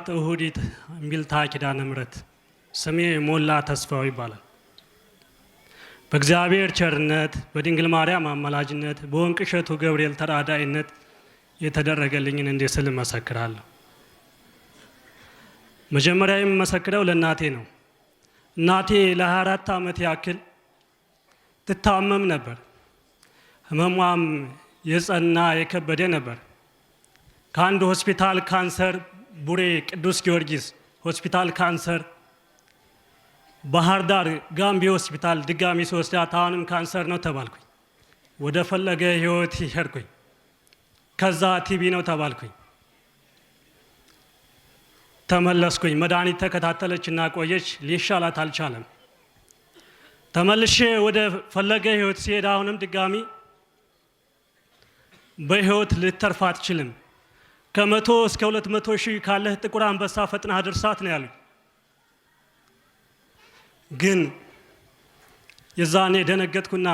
ምዕራፍ እሁዲት እምቢልታ ኪዳነ ምሕረት ስሜ ሞላ ተስፋው ይባላል። በእግዚአብሔር ቸርነት በድንግል ማርያም አመላጅነት በወንቅ እሸቱ ገብርኤል ተራዳይነት የተደረገልኝን እንዲህ ስል እመሰክራለሁ። መጀመሪያ የምመሰክረው ለእናቴ ነው። እናቴ ለ24 ዓመት ያክል ትታመም ነበር። ህመሟም የጸና የከበደ ነበር። ከአንድ ሆስፒታል ካንሰር ቡሬ ቅዱስ ጊዮርጊስ ሆስፒታል ካንሰር፣ ባህር ዳር ጋምቢ ሆስፒታል ድጋሚ ስወስዳት አሁንም ካንሰር ነው ተባልኩኝ። ወደ ፈለገ ህይወት ይሄድኩኝ። ከዛ ቲቪ ነው ተባልኩኝ። ተመለስኩኝ። መድኃኒት ተከታተለች እና ቆየች። ሊሻላት አልቻለም። ተመልሼ ወደ ፈለገ ህይወት ሲሄድ አሁንም ድጋሚ በህይወት ልተርፍ አትችልም ከመቶ እስከ ሁለት መቶ ሺህ ካለህ ጥቁር አንበሳ ፈጥና አድርሳት ነው ያሉኝ። ግን የዛኔ ደነገጥኩና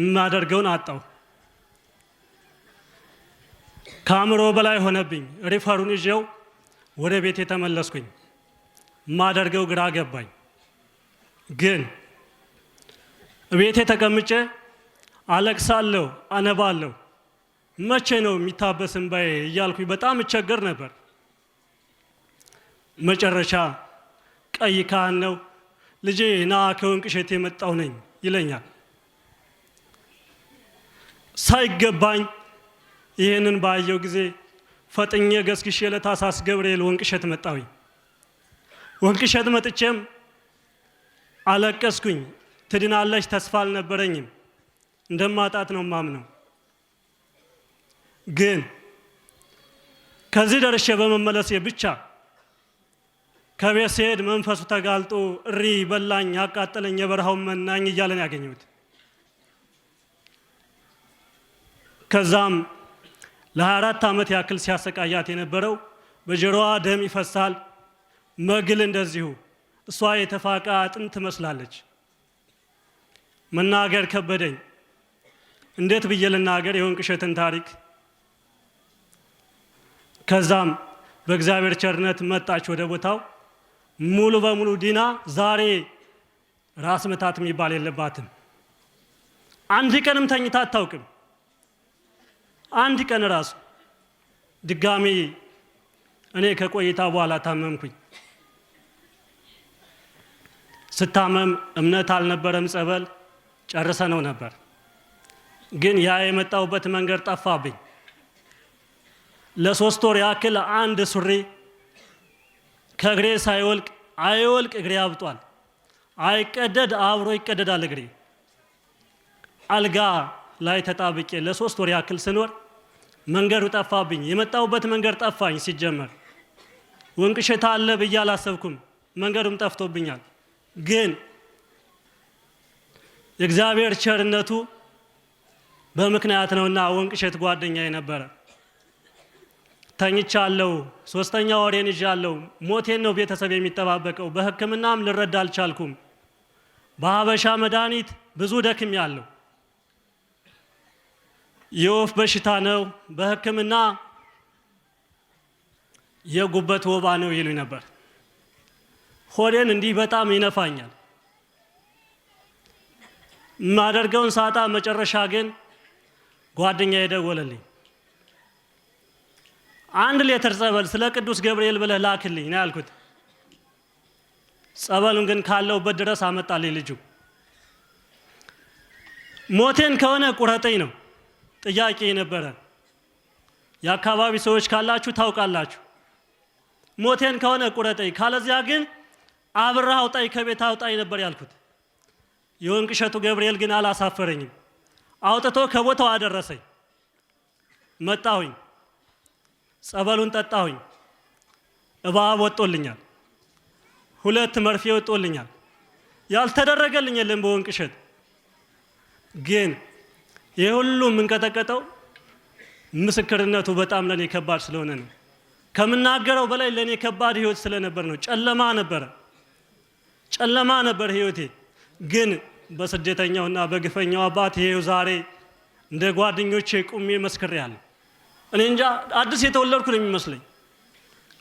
የማደርገውን አጣው። ከአእምሮ በላይ ሆነብኝ። ሪፈሩን ይዤው ወደ ቤት የተመለስኩኝ። የማደርገው ግራ ገባኝ። ግን ቤቴ ተቀምጬ አለቅሳለሁ፣ አነባለሁ። መቼ ነው የሚታበስ እንባዬ እያልኩኝ በጣም እቸገር ነበር። መጨረሻ ቀይ ካህን ነው ልጄ ና ከወንቅሸት የመጣው ነኝ ይለኛል። ሳይገባኝ ይህንን ባየው ጊዜ ፈጥኜ ገስግሼ ለታሳስ ገብርኤል ወንቅሸት መጣሁኝ። ወንቅሸት መጥቼም አለቀስኩኝ። ትድናለች ተስፋ አልነበረኝም። እንደማጣት ነው ማምነው። ግን ከዚህ ደርሼ በመመለሴ ብቻ ከቤት ስሄድ መንፈሱ ተጋልጦ እሪ በላኝ፣ አቃጠለኝ፣ የበረሃውን መናኝ እያለን ያገኘሁት። ከዛም ለ24 ዓመት ያክል ሲያሰቃያት የነበረው በጆሮዋ ደም ይፈሳል። መግል እንደዚሁ እሷ የተፋቃ አጥንት ትመስላለች። መናገር ከበደኝ። እንዴት ብዬ ልናገር የወንቅ እሸትን ታሪክ ከዛም በእግዚአብሔር ቸርነት መጣች ወደ ቦታው ሙሉ በሙሉ ዲና ዛሬ ራስ ምታት የሚባል የለባትም። አንድ ቀንም ተኝታ አታውቅም። አንድ ቀን ራሱ ድጋሚ እኔ ከቆይታ በኋላ ታመምኩኝ። ስታመም እምነት አልነበረም፣ ጸበል ጨርሰ ነው ነበር ግን ያ የመጣሁበት መንገድ ጠፋብኝ። ለሶስት ወር ያክል አንድ ሱሪ ከእግሬ ሳይወልቅ አይወልቅ እግሬ አብጧል። አይቀደድ አብሮ ይቀደዳል እግሬ። አልጋ ላይ ተጣብቄ ለሶስት ወር ያክል ስኖር መንገዱ ጠፋብኝ። የመጣሁበት መንገድ ጠፋኝ። ሲጀመር ወንቅሽታ አለ ብዬ አላሰብኩም። መንገዱም ጠፍቶብኛል። ግን እግዚአብሔር ቸርነቱ በምክንያት ነውና ወንቅሸት ጓደኛ ነበረ። ተኝቻለሁ፣ ሶስተኛ ወሬን ይዣለሁ፣ ሞቴን ነው ቤተሰብ የሚጠባበቀው። በህክምናም ልረዳ አልቻልኩም። በሀበሻ መድኃኒት ብዙ ደክም ያለው የወፍ በሽታ ነው፣ በህክምና የጉበት ወባ ነው ይሉኝ ነበር። ሆዴን እንዲህ በጣም ይነፋኛል። ማደርገውን ሳጣ መጨረሻ ግን ጓደኛ ደወለልኝ። አንድ ሌተር ጸበል ስለ ቅዱስ ገብርኤል ብለህ ላክልኝ ነው ያልኩት። ጸበሉን ግን ካለውበት ድረስ አመጣልኝ። ልጁ ሞቴን ከሆነ ቁረጠኝ ነው ጥያቄ ነበረ። የአካባቢ ሰዎች ካላችሁ ታውቃላችሁ። ሞቴን ከሆነ ቁረጠኝ፣ ካለዚያ ግን አብረህ አውጣኝ፣ ከቤት አውጣኝ ነበር ያልኩት። የወንቅ እሸቱ ገብርኤል ግን አላሳፈረኝም። አውጥቶ ከቦታው አደረሰኝ። መጣሁኝ። ጸበሉን ጠጣሁኝ፣ እባብ ወጦልኛል፣ ሁለት መርፌ ወጦልኛል። ያልተደረገልኝ የለም በወንቅ እሸት። ግን ይህ ሁሉ የምንቀጠቀጠው ምስክርነቱ በጣም ለእኔ ከባድ ስለሆነ ነው። ከምናገረው በላይ ለእኔ ከባድ ህይወት ስለነበር ነው። ጨለማ ነበረ፣ ጨለማ ነበር ህይወቴ። ግን በስደተኛውና በግፈኛው አባት ይሄው ዛሬ እንደ ጓደኞቼ ቁሜ መስክሬያለሁ። እኔ እንጃ አዲስ የተወለድኩ ነው የሚመስለኝ።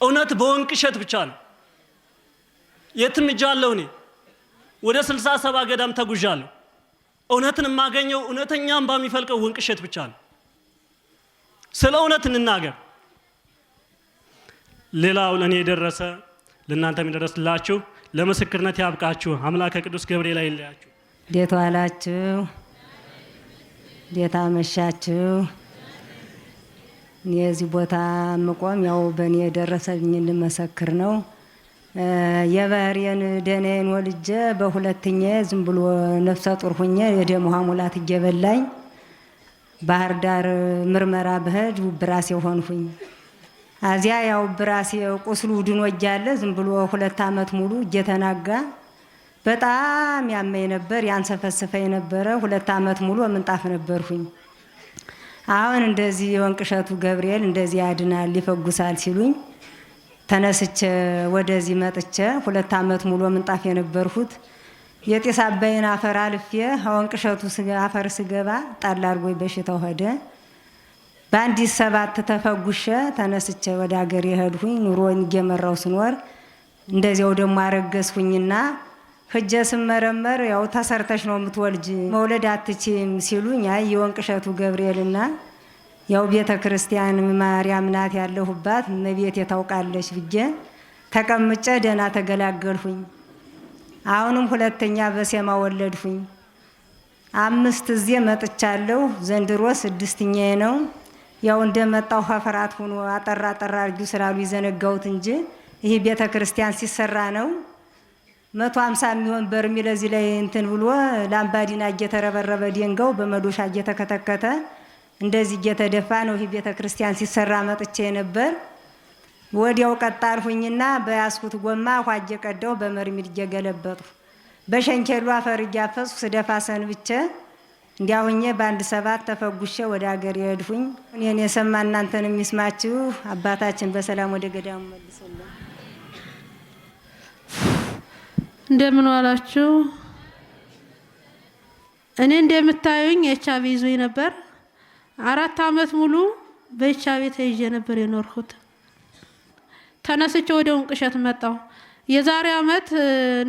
እውነት በወንቅ እሸት ብቻ ነው የትም እጃለሁ። እኔ ወደ ስልሳ ሰባ ገዳም ተጉዣለሁ። እውነትን የማገኘው እውነተኛ በሚፈልቀው ወንቅ እሸት ብቻ ነው። ስለ እውነት እንናገር። ሌላው ለእኔ የደረሰ ለእናንተ የሚደረስላችሁ ለምስክርነት ያብቃችሁ። አምላከ ቅዱስ ገብርኤል አይለያችሁ። እንዴት ዋላችሁ? እንዴት አመሻችሁ? የዚህ ቦታ ምቆም ያው በእኔ የደረሰልኝን ልመሰክር ነው። የባህሬን ደህናዬን ወልጄ በሁለተኛ ዝም ብሎ ነፍሰ ጡር ሁኜ የደም ሙላት እየበላኝ ባህር ዳር ምርመራ ብሄድ ብራሴ ሆንሁኝ። አዚያ ያው ብራሴ ቁስሉ ድኖ እያለ ዝም ብሎ ሁለት ዓመት ሙሉ እየተናጋ በጣም ያመኝ ነበር፣ ያንሰፈስፈኝ ነበረ። ሁለት ዓመት ሙሉ ምንጣፍ ነበርሁኝ። አሁን እንደዚህ የወንቅ እሸቱ ገብርኤል እንደዚህ ያድናል ይፈጉሳል ሲሉኝ ተነስቼ ወደዚህ መጥቼ ሁለት ዓመት ሙሉ ምንጣፍ የነበርሁት የጤስ አባይን አፈር አልፌ ወንቅ እሸቱ አፈር ስገባ ጣል አድርጎኝ በሽታው ሄደ። በአንዲት ሰባት ተፈጉሸ ተነስቼ ወደ ሀገር የሄድሁኝ ኑሮ እየመራው ስኖር እንደዚያው ደግሞ አረገዝሁኝና ህጀ ስመረመር ያው ተሰርተሽ ነው የምትወልጅ መውለድ አትችም ሲሉኝ፣ አይ የወንቅሸቱ ገብርኤልና ያው ቤተ ክርስቲያን ማርያም ናት ያለሁባት እመቤቴ ታውቃለች ብዬ ተቀምጨ ደህና ተገላገልሁኝ። አሁንም ሁለተኛ በሴማ ወለድሁኝ። አምስት እዚህ መጥቻለሁ። ዘንድሮ ስድስተኛዬ ነው። ያው እንደመጣው ሀፈራት ሆኖ አጠራ አጠራ አድርጊው ስላሉ ይዘነጋውት እንጂ ይህ ቤተ ክርስቲያን ሲሰራ ነው መቶ ሀምሳ የሚሆን በርሚል እዚህ ላይ እንትን ብሎ ላምባዲና እየተረበረበ ደንጋው በመዶሻ እየተከተከተ እንደዚህ እየተደፋ ነው ይህ ቤተ ክርስቲያን ሲሰራ መጥቼ ነበር። ወዲያው ቀጥ አልሁኝና በያዝኩት ጎማ ውሃ እየቀዳሁ በመርሚል እየገለበጡ በሸንኬሉ አፈር እያፈስኩ ስደፋ ሰንብቼ እንዲያሁኜ በአንድ ሰባት ተፈጉሼ ወደ ሀገር የሄድሁኝ። እኔን የሰማ እናንተን የሚስማችሁ አባታችን በሰላም ወደ ገዳሙ መልሰለን። እንደምን ዋላችሁ። እኔ እንደምታዩኝ ኤች አይ ቪ ይዞኝ ነበር። አራት አመት ሙሉ በኤች አይ ቪ ተይዤ ነበር የኖርኩት። ተነስቼ ወደ ውንቅሸት መጣሁ። የዛሬ አመት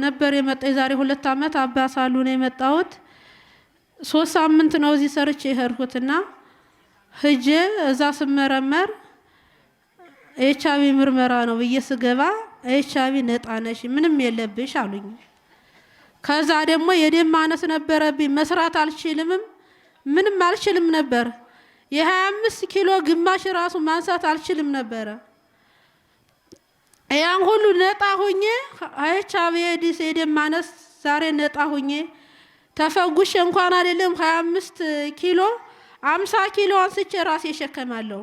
ነበር የመጣ የዛሬ ሁለት አመት አባ ሳሉ ነው የመጣሁት። ሶስት ሳምንት ነው እዚህ ሰርቼ የሄድኩትና ህጄ እዛ ስመረመር ኤች አይ ቪ ምርመራ ነው ብዬ ስገባ አይሻቢ ነጣ ነሽ፣ ምንም የለብሽ አሉኝ። ከዛ ደግሞ የደም ማነስ ነበረብኝ። መስራት አልችልምም፣ ምንም አልችልም ነበር። የሀያ አምስት ኪሎ ግማሽ ራሱ ማንሳት አልችልም ነበረ። ያን ሁሉ ነጣ ሁኜ አይቻቢ ኤድስ የደም ማነስ ዛሬ ነጣ ሁኜ ተፈጉሽ እንኳን አይደለም ሀያ አምስት ኪሎ አምሳ ኪሎ አንስቼ ራሴ እሸከማለሁ።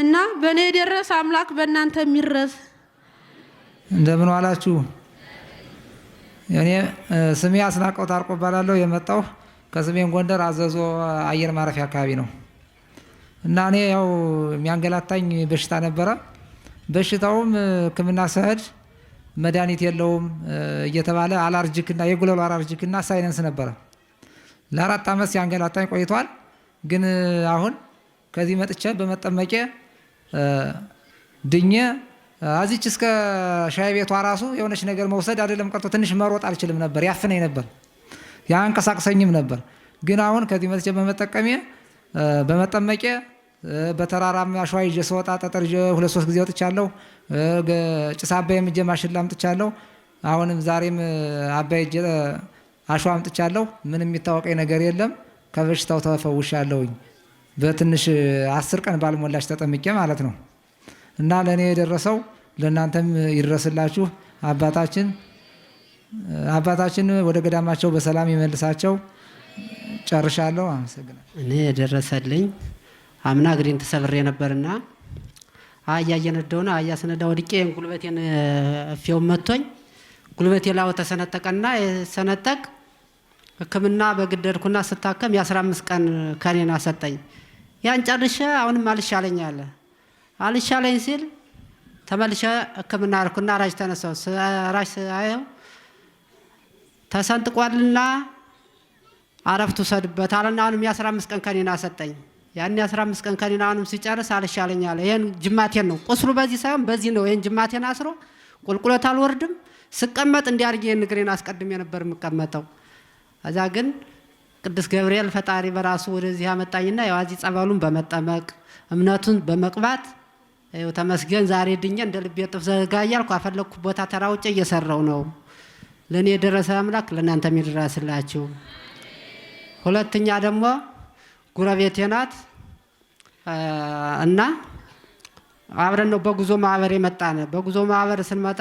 እና በእኔ የደረስ አምላክ በእናንተ የሚረስ እንደምን ዋላችሁ። እኔ ስሜ አስናቀው ታርቆ እባላለሁ። የመጣው ከሰሜን ጎንደር አዘዞ አየር ማረፊያ አካባቢ ነው እና እኔ ያው የሚያንገላታኝ በሽታ ነበረ። በሽታውም ሕክምና ስሄድ መድኃኒት የለውም እየተባለ አላርጅክና የጉለሉ አላርጅክና ሳይነንስ ነበረ። ለአራት ዓመት ሲያንገላታኝ ቆይቷል። ግን አሁን ከዚህ መጥቻ በመጠመቂያ ድኜ አዚች እስከ ሻይ ቤቷ ራሱ የሆነች ነገር መውሰድ አይደለም ቀርቶ ትንሽ መሮጥ አልችልም ነበር፣ ያፍነኝ ነበር፣ ያንቀሳቅሰኝም ነበር። ግን አሁን ከዚህ መጥቼ በመጠቀሜ በመጠመቄ በተራራም አሸዋ ይዤ ስወጣ ጠጠር ይዤ ሁለት ሶስት ጊዜ ወጥቻለሁ። ጭስ አባይም ይዤ ማሽላ አምጥቻለሁ። አሁንም ዛሬም አባይ ይዤ አሸዋ አምጥቻለሁ። ምንም የሚታወቀኝ ነገር የለም። ከበሽታው ተፈውሻለሁኝ። በትንሽ አስር ቀን ባልሞላች ተጠምቄ ማለት ነው። እና ለእኔ የደረሰው ለእናንተም ይድረስላችሁ። አባታችን አባታችን ወደ ገዳማቸው በሰላም ይመልሳቸው። ጨርሻለሁ። አመሰግናለሁ። እኔ የደረሰልኝ አምና እግሬን ተሰብሬ ነበርና አህያ እየነዳሁ ነው። አህያ ስነዳ ወድቄ ጉልበቴን ፊውን መቶኝ ጉልበቴ ላው ተሰነጠቀና ሰነጠቅ ህክምና በግደድኩና ስታከም የ አምስት ቀን ከኔን አሰጠኝ። ያን ጨርሸ አሁንም አልሻለኝ አለ። አልሻለኝ ሲል ተመልሸ ህክምና አልኩና ራጅ ተነሳው ራጅ አየው ተሰንጥቋልና አረፍት ውሰድበት አለና አሁንም የ አምስት ቀን ከኔን አሰጠኝ። ያን የ አምስት ቀን ከኔን አሁንም ሲጨርስ አልሻለኝ አለ። ይህን ጅማቴን ነው ቁስሉ በዚህ ሳይሆን በዚህ ነው። ይህን ጅማቴን አስሮ ቁልቁለት አልወርድም ስቀመጥ እንዲያርጌ ንግሬን አስቀድሜ ነበር የምቀመጠው። እዛ ግን ቅዱስ ገብርኤል ፈጣሪ በራሱ ወደዚህ ያመጣኝና የዋዚ ጸበሉን በመጠመቅ እምነቱን በመቅባት ተመስገን ዛሬ ድኜ እንደ ልቤ ጥፍ ዘጋ እያልኩ አፈለግኩ ቦታ ተራውጭ እየሰራው ነው። ለእኔ የደረሰ አምላክ ለናንተ ይድረስላችሁ። ሁለተኛ ደግሞ ጉረቤቴ ናት እና አብረን ነው በጉዞ ማህበር የመጣን። በጉዞ ማህበር ስንመጣ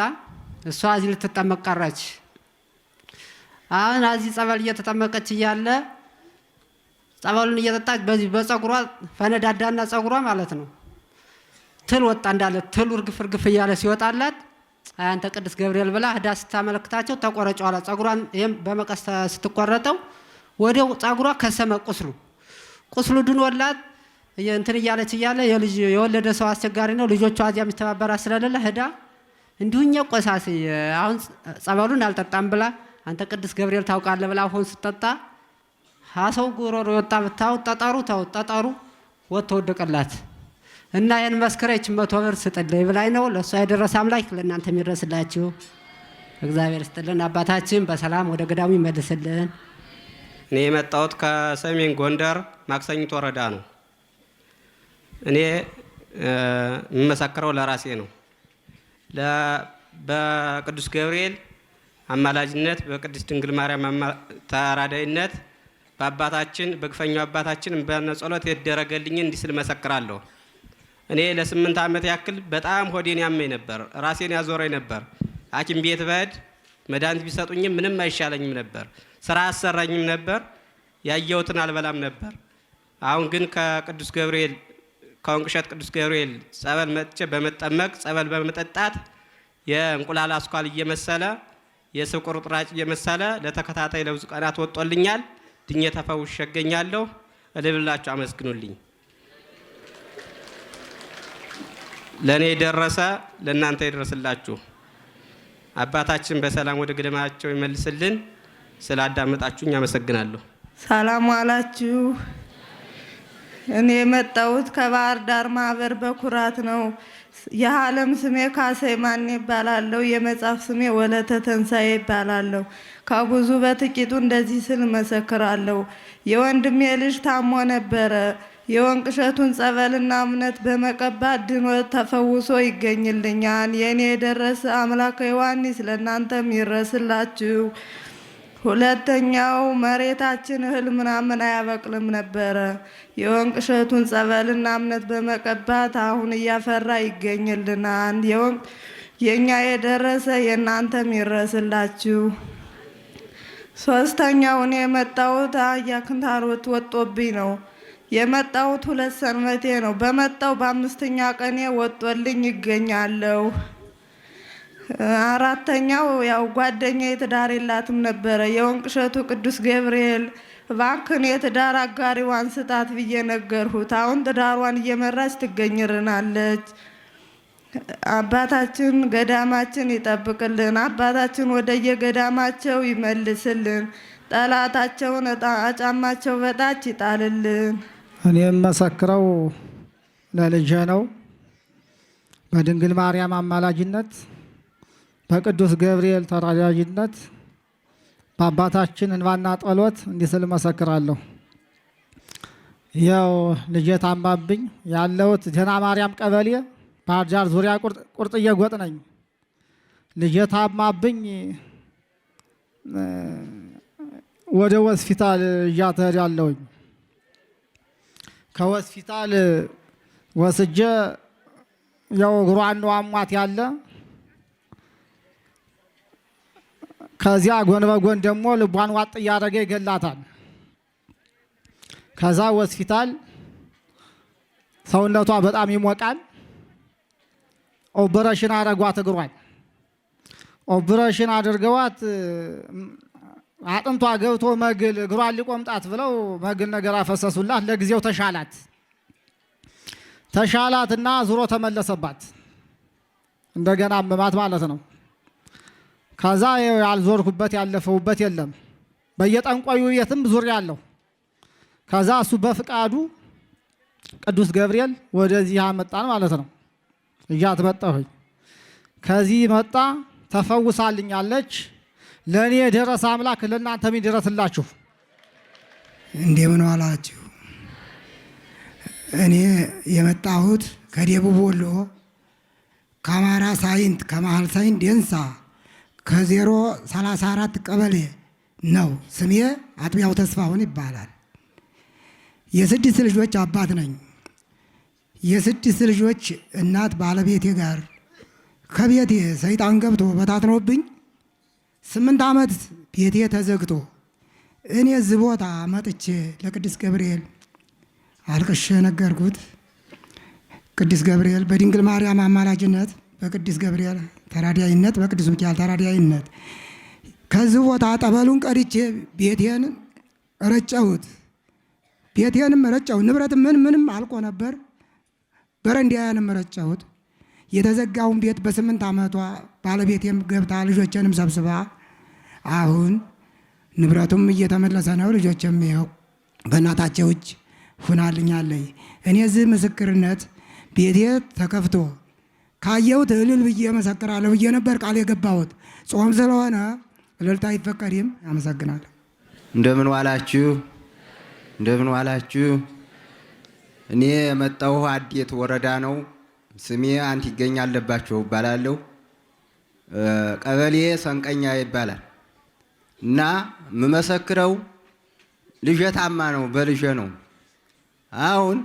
እሷ እዚህ ልትጠመቅ ቀረች። አሁን እዚህ ጸበል እየተጠመቀች እያለ ጸበሉን እየጠጣች በዚህ በጸጉሯ ፈነዳዳና ጸጉሯ ማለት ነው ትል ወጣ እንዳለ ትሉ እርግፍ እርግፍ እያለ ሲወጣላት አንተ ቅዱስ ገብርኤል ብላ ህዳ ስታመለክታቸው ተቆረጨው አላት። ጸጉሯን ይህም በመቀስ ስትቆረጠው ወደ ጸጉሯ ከሰመ ቁስሉ ቁስሉ ወላት እንትን እያለች እያለ የወለደ ሰው አስቸጋሪ ነው። ልጆቿ እዚያ የሚተባበራት ስለሌለ ህዳ እንዲሁኛ ቆሳሴ አሁን ጸበሉን አልጠጣም ብላ አንተ ቅዱስ ገብርኤል ታውቃለህ ብላ አሁን ስጠጣ ሀሰው ጉሮሮ የወጣ ብታው ጠጠሩ ተው ጠጠሩ ወጥቶ ወደቀላት እና ይህን መስክረች መቶ ብር ስጥልኝ ብላኝ ነው። ለእሷ የደረሰ አምላክ ለእናንተ የሚደረስላችሁ እግዚአብሔር ስጥልን። አባታችን በሰላም ወደ ገዳሙ ይመልስልን። እኔ የመጣሁት ከሰሜን ጎንደር ማክሰኝት ወረዳ ነው። እኔ የምመሰክረው ለራሴ ነው። በቅዱስ ገብርኤል አማላጅነት በቅድስት ድንግል ማርያም ተራዳይነት በአባታችን በግፈኛው አባታችን በነጸሎት የደረገልኝ የተደረገልኝን እንዲህ ስል መሰክራለሁ። እኔ ለስምንት ዓመት ያክል በጣም ሆዴን ያመኝ ነበር፣ ራሴን ያዞረኝ ነበር። ሐኪም ቤት በድ መድኃኒት ቢሰጡኝም ምንም አይሻለኝም ነበር፣ ስራ አሰራኝም ነበር፣ ያየሁትን አልበላም ነበር። አሁን ግን ከቅዱስ ገብርኤል ከወንቅሸት ቅዱስ ገብርኤል ጸበል መጥቼ በመጠመቅ ጸበል በመጠጣት የእንቁላል አስኳል እየመሰለ የስብ ቁርጥራጭ የመሰለ ለተከታታይ ለብዙ ቀናት ወጦልኛል። ድኜ ተፈውሼ እገኛለሁ። እልብላችሁ አመስግኑልኝ። ለእኔ የደረሰ ለእናንተ ይደረስላችሁ። አባታችን በሰላም ወደ ገዳማቸው ይመልስልን። ስላዳመጣችሁኝ አመሰግናለሁ። ሰላም አላችሁ! እኔ የመጣሁት ከባህር ዳር ማህበር በኩራት ነው። የዓለም ስሜ ካሰይ ማን ይባላለሁ። የመጽሐፍ ስሜ ወለተ ተንሳኤ ይባላለሁ። ከብዙ በጥቂቱ እንደዚህ ስል መሰክራለሁ። የወንድሜ ልጅ ታሞ ነበረ። የወንቅ እሸቱን ጸበልና እምነት በመቀባት ድኖ ተፈውሶ ይገኝልኛል። የእኔ የደረሰ አምላክ ዮሐንስ ለእናንተም ይረስላችሁ። ሁለተኛው መሬታችን እህል ምናምን አያበቅልም ነበረ። የወንቅ እሸቱን ጸበልና እምነት በመቀባት አሁን እያፈራ ይገኝልናል። የወንቅ የእኛ የደረሰ የእናንተም ይረስላችሁ! ሶስተኛው እኔ የመጣሁት አህያ ክንታሮት ወጦብኝ ነው የመጣሁት። ሁለት ሰንበቴ ነው በመጣው በአምስተኛ ቀኔ ወጦልኝ ይገኛለሁ። አራተኛው ያው ጓደኛ የትዳር የላትም ነበረ። የወንቅ እሸቱ ቅዱስ ገብርኤል እባክህን የትዳር አጋሪዋን ስጣት ብዬ ነገርሁት። አሁን ትዳሯን እየመራች ትገኝርናለች። አባታችን ገዳማችን ይጠብቅልን። አባታችን ወደየገዳማቸው ይመልስልን። ጠላታቸውን አጫማቸው በታች ይጣልልን። እኔ የምመሰክረው ለልጄ ነው በድንግል ማርያም አማላጅነት በቅዱስ ገብርኤል ተራዳጅነት በአባታችን እንባና ጸሎት እንዲህ ስል መሰክራለሁ። ያው ልጄ ታማብኝ ያለሁት ዜና ማርያም ቀበሌ ባህር ዳር ዙሪያ ቁርጥ ጎጥ ነኝ። ልጄ ታማብኝ ወደ ሆስፒታል እያተድ ያለውኝ ከሆስፒታል ወስጄ ያው እግሯን አሟት ያለ ከዚያ ጎን በጎን ደግሞ ልቧን ዋጥ እያደረገ ይገላታል። ከዛ ሆስፒታል ሰውነቷ በጣም ይሞቃል። ኦፕሬሽን አረጓት እግሯል። ኦፕሬሽን አድርገዋት አጥንቷ ገብቶ መግል እግሯን ሊቆምጣት ብለው መግል ነገር አፈሰሱላት። ለጊዜው ተሻላት ተሻላትና ዙሮ ተመለሰባት። እንደገና አመማት ማለት ነው። ከዛ ያልዞርኩበት ያለፈውበት የለም። በየጠንቋዩ ቤትም ዙሪያ አለው ከዛ እሱ በፍቃዱ ቅዱስ ገብርኤል ወደዚህ አመጣን ማለት ነው። እያት መጣሁኝ ከዚህ መጣ ተፈውሳልኛለች። ለእኔ የደረሰ አምላክ ለእናንተም ይደረስላችሁ። እንደምን ዋላችሁ። እኔ የመጣሁት ከደቡብ ወሎ ከአማራ ሳይንት ከመሀል ሳይንት ደንሳ ከዜሮ 34 ቀበሌ ነው። ስሜ አጥቢያው ተስፋሁን ይባላል። የስድስት ልጆች አባት ነኝ። የስድስት ልጆች እናት ባለቤቴ ጋር ከቤቴ ሰይጣን ገብቶ በታትኖብኝ ስምንት ዓመት ቤቴ ተዘግቶ እኔ እዚህ ቦታ መጥቼ ለቅዱስ ገብርኤል አልቅሼ ነገርኩት። ቅዱስ ገብርኤል በድንግል ማርያም አማላጅነት በቅዱስ ገብርኤል ተራዳይነት በቅዱስ ሚካኤል ተራዳይነት ከዚህ ቦታ ጠበሉን ቀድቼ ቤቴን ረጨሁት። ቤቴንም ረጨሁት። ንብረት ምን ምንም አልቆ ነበር። በረንዳያንም ረጨሁት። የተዘጋውን ቤት በስምንት ዓመቷ ባለቤቴም ገብታ ልጆቼንም ሰብስባ አሁን ንብረቱም እየተመለሰ ነው። ልጆችም ይኸው በእናታቸው እጅ ሁናልኛለይ። እኔ እዚህ ምስክርነት ቤቴ ተከፍቶ ካየሁት እልል ብዬ መሰክራለሁ ብዬ ነበር ቃል የገባሁት። ጾም ስለሆነ እልልታ አይፈቀድም። አመሰግናለሁ። እንደምን ዋላችሁ? እንደምን ዋላችሁ? እኔ የመጣው አዴት ወረዳ ነው። ስሜ አንት ይገኛለባቸው እባላለሁ። ቀበሌ ሰንቀኛ ይባላል እና የምመሰክረው ልጄ ታማ ነው፣ በልጄ ነው። አሁን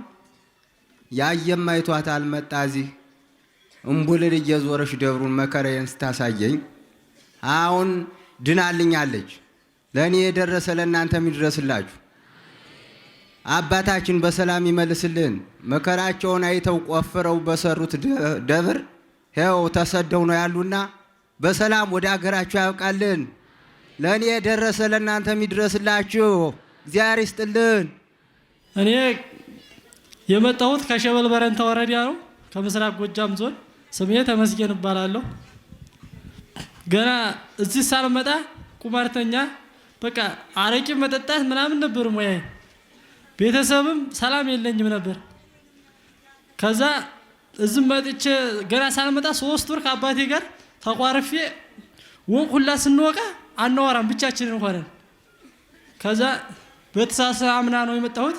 ያየማይቷት አልመጣ እዚህ እምቡልን እየዞረሽ ደብሩን መከራዬን ስታሳየኝ አሁን ድናልኛለች። ለእኔ የደረሰ ለእናንተ የሚድረስላችሁ አባታችን በሰላም ይመልስልን። መከራቸውን አይተው ቆፍረው በሰሩት ደብር ሄው ተሰደው ነው ያሉና በሰላም ወደ አገራችሁ ያብቃልን። ለእኔ የደረሰ ለእናንተ የሚድረስላችሁ እግዚአብሔር ይስጥልን። እኔ የመጣሁት ከሸበል በረንታ ወረዳ ነው ከምስራቅ ጎጃም ዞን ስሜ ተመስገን እባላለሁ። ገና እዚህ ሳልመጣ ቁማርተኛ በቃ አረቂ መጠጣት ምናምን ነበር ሙያዬ። ቤተሰብም ሰላም የለኝም ነበር። ከዛ እዚህ መጥቼ ገና ሳልመጣ ሶስት ወር ከአባቴ ጋር ተቋርፌ ወቅ ሁላ ስንወቃ አናወራም ብቻችንን ሆነን። ከዛ በተሳሰብ አምና ነው የመጣሁት።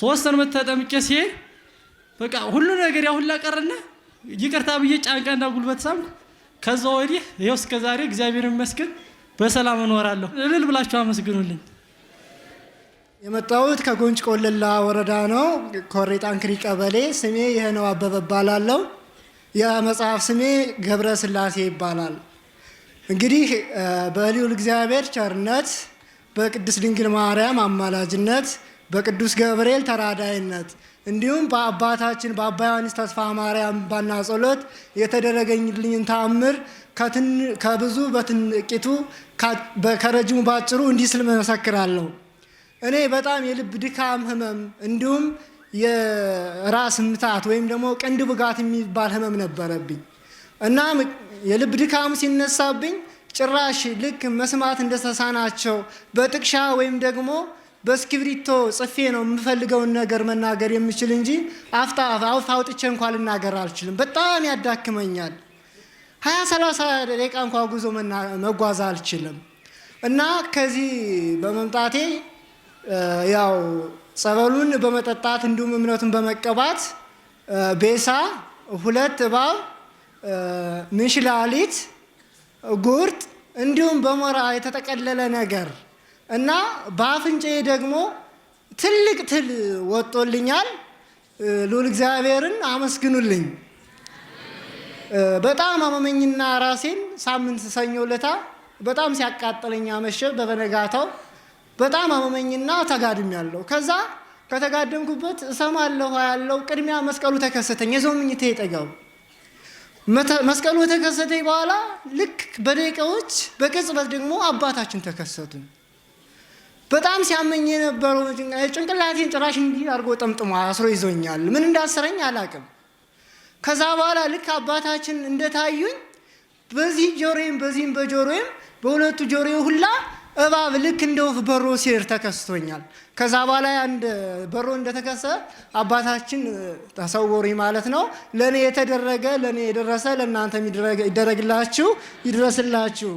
ሶስት ሰን ተጠምቄ ሲሄድ በቃ ሁሉ ነገር ያሁላ ቀረና ይቅርታ ብዬ ጫንቃና ጉልበት ሳምኩ። ከዛ ወዲህ ይኸው እስከ ዛሬ እግዚአብሔር ይመስገን በሰላም እኖራለሁ። እልል ብላችሁ አመስግኑልኝ። የመጣሁት ከጎንጭ ቆለላ ወረዳ ነው፣ ኮሬ ጣንክሪ ቀበሌ። ስሜ ይህ ነው አበበ እባላለሁ። የመጽሐፍ ስሜ ገብረ ስላሴ ይባላል። እንግዲህ በልዑል እግዚአብሔር ቸርነት በቅድስት ድንግል ማርያም አማላጅነት በቅዱስ ገብርኤል ተራዳይነት እንዲሁም በአባታችን በአባ ዮሐንስ ተስፋ ማርያም ባና ጸሎት የተደረገኝልኝን ተአምር ከብዙ በትንቂቱ ከረጅሙ ባጭሩ እንዲህ ስል መሰክራለሁ። እኔ በጣም የልብ ድካም ህመም እንዲሁም የራስ ምታት ወይም ደግሞ ቅንድ ብጋት የሚባል ህመም ነበረብኝ እና የልብ ድካም ሲነሳብኝ ጭራሽ ልክ መስማት እንደተሳናቸው በጥቅሻ ወይም ደግሞ በእስክሪብቶ ጽፌ ነው የምፈልገውን ነገር መናገር የምችል እንጂ አፍታ አፍ አውጥቼ እንኳ ልናገር አልችልም። በጣም ያዳክመኛል። ሀያ ሰላሳ ደቂቃ እንኳ ጉዞ መጓዝ አልችልም እና ከዚህ በመምጣቴ ያው ጸበሉን በመጠጣት እንዲሁም እምነቱን በመቀባት ቤሳ፣ ሁለት እባብ፣ ምንሽላሊት፣ ጉርጥ እንዲሁም በሞራ የተጠቀለለ ነገር እና በአፍንጫዬ ደግሞ ትልቅ ትል ወጦልኛል። ልዑል እግዚአብሔርን አመስግኑልኝ። በጣም አመመኝና ራሴን ሳምንት ሰኞ ለታ በጣም ሲያቃጥለኝ አመሸ። በበነጋታው በጣም አመመኝና ተጋድሜያለሁ። ከዛ ከተጋደምኩበት እሰማለሁ ያለው ቅድሚያ መስቀሉ ተከሰተኝ። የሰው ምኝቴ ጠጋው መስቀሉ ተከሰተኝ። በኋላ ልክ በደቂቃዎች በቅጽበት ደግሞ አባታችን ተከሰቱን። በጣም ሲያመኝ የነበረው ጭንቅላቴን ጭራሽ እንዲህ አድርጎ ጠምጥሞ አስሮ ይዞኛል። ምን እንዳሰረኝ አላቅም። ከዛ በኋላ ልክ አባታችን እንደታዩኝ በዚህ ጆሮዬም በዚህም በጆሮዬም በሁለቱ ጆሮዬ ሁላ እባብ ልክ እንደ ወፍ በሮ ሲር ተከስቶኛል። ከዛ በኋላ አንድ በሮ እንደተከሰ አባታችን ተሰወሪ ማለት ነው። ለእኔ የተደረገ ለእኔ የደረሰ ለእናንተም ይደረግላችሁ ይድረስላችሁ።